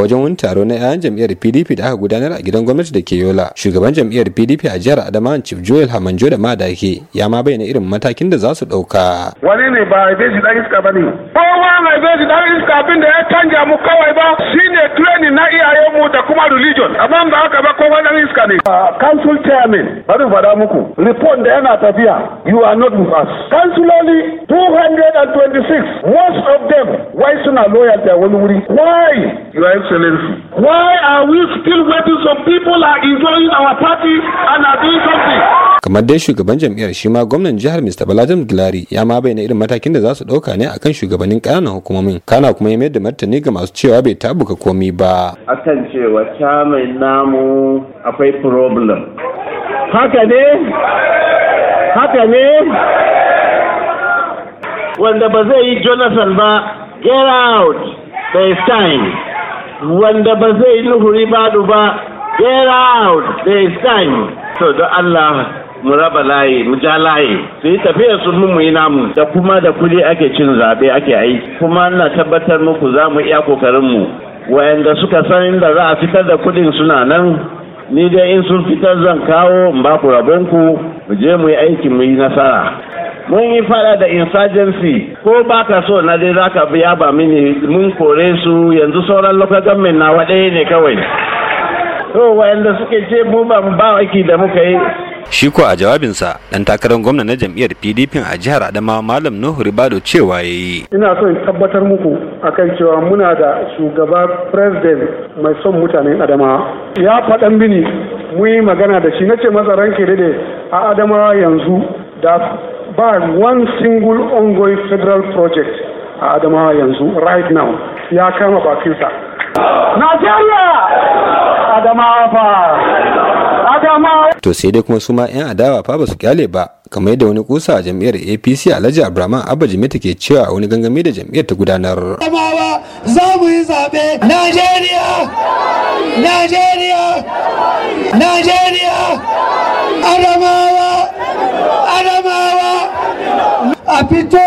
wajen wani taro na 'ya'yan jam'iyyar pdp da aka gudanar a gidan gwamnati da ke yola shugaban jam'iyyar pdp a jihar adama chief joel hamanjo da madake ya ma bayyana irin matakin da za su ɗauka. wani ne ba haife shi dan iska ba ne kowa haife shi dan iska abin da ya canja mu kawai ba shine training na iyayenmu da kuma religion amma ba haka ba ne uh, council chairman bari fada muku report da yana tafiya you are not with us counciloli 226 most of them why suna loyal to wani wuri why your excellency why are we still waiting some people are enjoying our party kamar dai shugaban jam'iyyar shi ma gwamnan jihar Mr. Baladun Gilari ya ma bayyana irin matakin da za su ɗauka ne akan shugabannin ƙananan hukumomin kana kuma ya mayar da martani ga masu cewa bai tabuka komi ba akan cewa mai namu akwai problem haka ne haka ne wanda ba zai yi Jonathan ba get out there is wanda ba zai yi Nuhuri Badu ba get out there is time so don Allah mu raba layi mu ja layi su yi tafiya su mu mu yi namu da kuma da kuɗi ake cin zaɓe ake aiki kuma na tabbatar muku za mu iya kokarin mu wayanda suka san inda za a fitar da kuɗin suna nan ni dai in sun fitar zan kawo in ba ku rabonku mu je mu yi aiki mu yi nasara mun yi fada da insurgency ko ba ka so na dai zaka biya ba mini mun kore su yanzu sauran local government na waɗaya ne kawai to wayanda suke ce mu ba mu ba aiki da muka yi shi ko a jawabinsa dan takarar gwamna na jam'iyyar pdp a jihar adamawa malam nuhu ribado cewa yayi. yi ina son tabbatar muku akan cewa muna da shugaba president mai son mutanen adamawa ya faɗan bini mu yi magana da shi nace masa ranke dade a adamawa yanzu da ba one single ongoing federal project a adamawa yanzu right now ya kama bakinsa najeriya adamawa fa to sai dai kuma suma 'yan adawa fa ba su kyale ba kamar yadda wani kusa a jam'iyyar apc alhaji abraman abba jimita ke cewa wani gangami da jam'iyyar ta gudanar za mu yi zaɓe najeriya najeriya najeriya adamawa adamawa a fito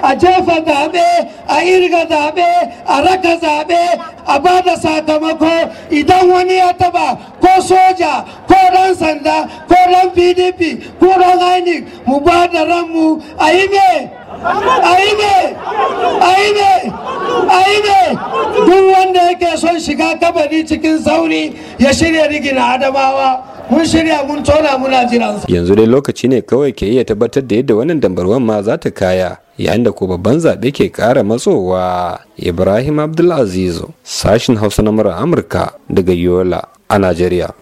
a jefa zaɓe a irga zaɓe a raka zaɓe a ba da sakamako idan wani ya taba ko soja ko ɗan sanda ko ɗan pdp ko ɗan inec mu ba da ranmu a yi me a yi me a yi duk wanda yake son shiga kabari cikin sauri ya shirya rigina adamawa mun shirya mun tona muna jiransa yanzu dai lokaci ne kawai ke iya tabbatar da yadda wannan dambarwan ma za ta kaya yayin da ko babban zaɓe ke ƙara matsowa ibrahim abdulaziz sashin hausa na mura amurka daga yola a Najeriya.